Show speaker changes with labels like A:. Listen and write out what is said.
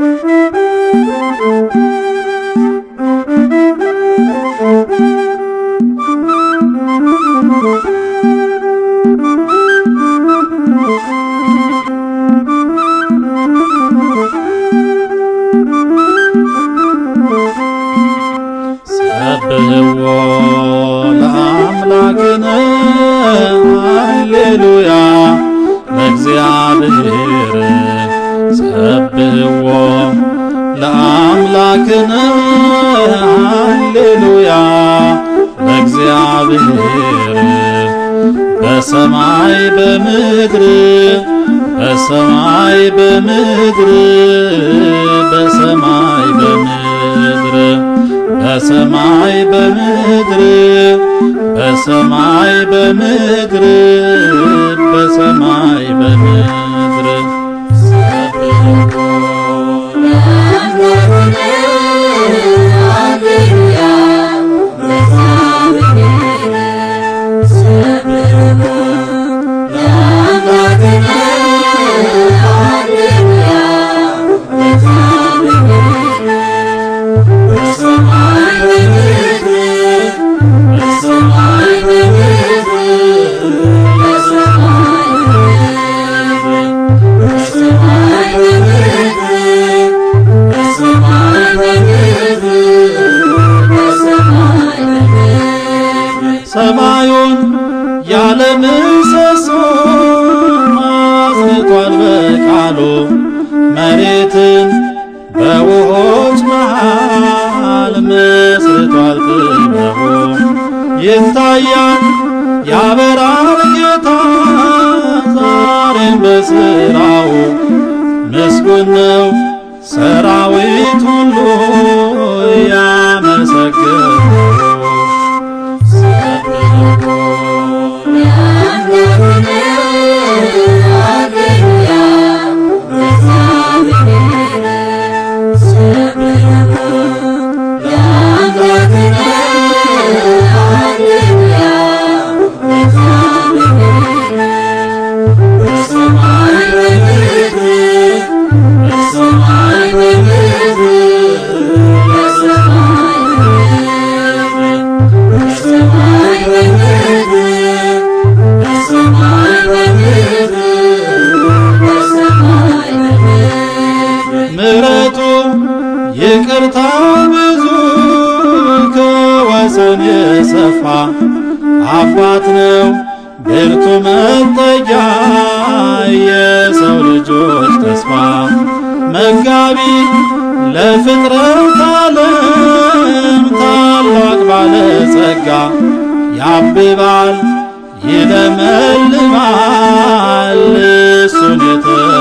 A: 嗯嗯 ግን ሃሌሉያ በእግዚአብሔር በሰማይ በምድር በሰማይ በምድር በሰማይ በምድር በሰማይ በምድር በሰማይ በምድር በሰማይ በምድር
B: ሰማዩን ያለ ምሰሶ አጽንቷል በቃሉ መሬትን በውሆች መሃል መስቷል ክበቡ ይታያል ያበራል ጌታ ዛሬም በስራው ምስጉን ነው ሰራዊቱ ይቅርታ ብዙ ከወሰን የሰፋ አባት ነው ብርቱ መጠጊያ የሰው ልጆች ተስፋ መጋቢ ለፍጥረት ዓለም ታላቅ ባለጸጋ ያብባል ይለመልማል እሱን የተ